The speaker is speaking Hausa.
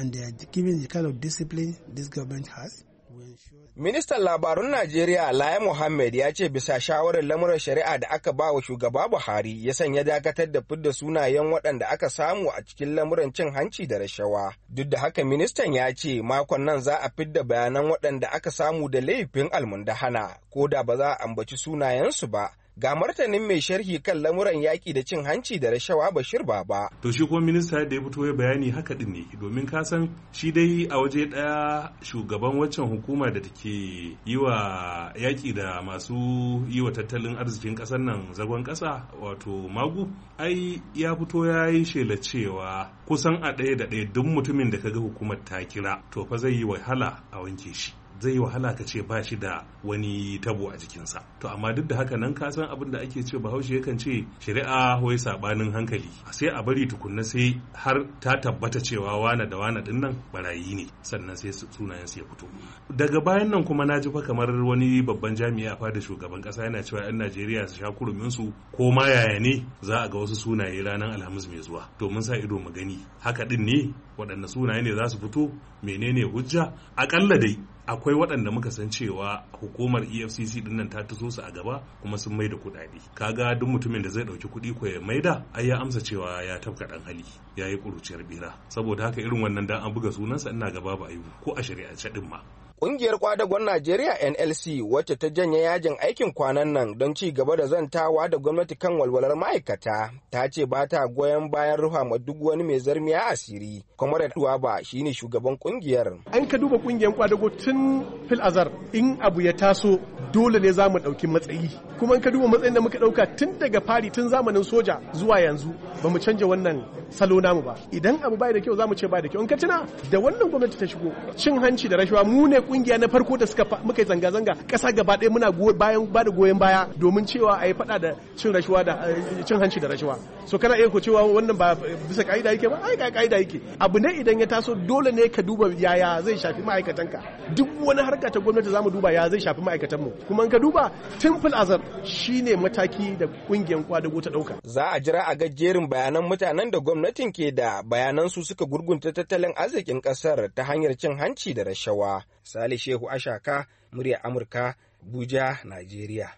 and Ministan labarun Najeriya Laya Muhammad ya ce bisa shawarar lamuran shari'a da aka ba wa shugaba Buhari ya sanya dakatar da fidda sunayen waɗanda aka samu a cikin lamuran cin hanci da rashawa. Duk da haka ministan ya ce makon nan za a fidda bayanan waɗanda aka samu da laifin almundahana ko da ba za a ambaci sunayensu ba ga martanin mai sharhi kan lamuran yaƙi da cin hanci da rashawa bashir baba to shi kuma minista da ya fito ya bayani haka din ne domin ka san shi dai a waje ɗaya shugaban waccan hukuma da take yi wa yaƙi da masu yi wa tattalin arzikin ƙasar nan zagon ƙasa wato magu ai ya fito ya yi shela cewa kusan a ɗaya da ɗaya duk mutumin da ka ga hukumar ta kira to fa zai yi wahala a wanke shi zai yi wahala ka ce ba shi da wani tabo a jikinsa to amma duk da haka nan ka san abin da ake ce bahaushe yakan ce shari'a wai sabanin hankali sai a bari tukunna sai har ta tabbata cewa wana da wana din nan barayi ne sannan sai sunayen su ya fito daga bayan nan kuma na ji fa kamar wani babban jami'i a fada shugaban kasa yana cewa yan Najeriya su sha kurumin su ko ma yaya ne za a ga wasu sunaye ranar Alhamis mai zuwa to mun sa ido mu gani haka din ne waɗanne sunaye ne za su fito menene hujja akalla dai akwai waɗanda muka san cewa hukumar efcc din nan ta taso su a gaba kuma sun maida kuɗaɗe kaga duk mutumin da zai ɗauki kuɗi ko ya maida ai ya amsa cewa ya tafka ɗan hali ya yi ƙuruciyar bera saboda haka irin wannan dan an buga sunansa ina gaba ba yi ko a shari'ance ɗin ma Ƙungiyar kwadagon Najeriya NLC wacce ta janye yajin aikin kwanan nan don ci gaba da zantawa da gwamnati kan walwalar ma'aikata ta ce ba ta goyon bayan ruha ma duk wani mai zarmiya asiri. Kwamarar shi shine shugaban ƙungiyar. An ka duba ƙungiyar kwadago tun fil azar in abu ya taso dole ne za mu ɗauki matsayi. Kuma an ka duba matsayin da muka ɗauka tun daga fari tun zamanin soja zuwa yanzu ba mu canja wannan salo namu ba. Idan abu bai da kyau za mu ce bai da kyau. In ka tuna da wannan gwamnati ta shigo cin hanci da rashawa mu ne kungiya na farko da suka muka zanga-zanga ƙasa gaba ɗaya muna bayan ba da goyon baya domin cewa a yi faɗa da cin rashuwa da eh, cin hanci da rashuwa so kana iya ku cewa wannan ba bisa ka'ida yake ba ai ka ka'ida yake abu ne idan ya taso dole ne ka duba yaya zai shafi ma'aikatanka duk wani harka ta gwamnati zamu duba ya zai shafi ma'aikatanmu kuma in ka duba temple azab shine mataki da kungiyar kwadago ta dauka za a jira a ga jerin bayanan mutanen da gwamnatin ke da bayanan su suka gurgunta tattalin arzikin kasar ta hanyar cin hanci da rashawa Sale Shehu Ashaka, murya Amurka, Abuja, Najeriya.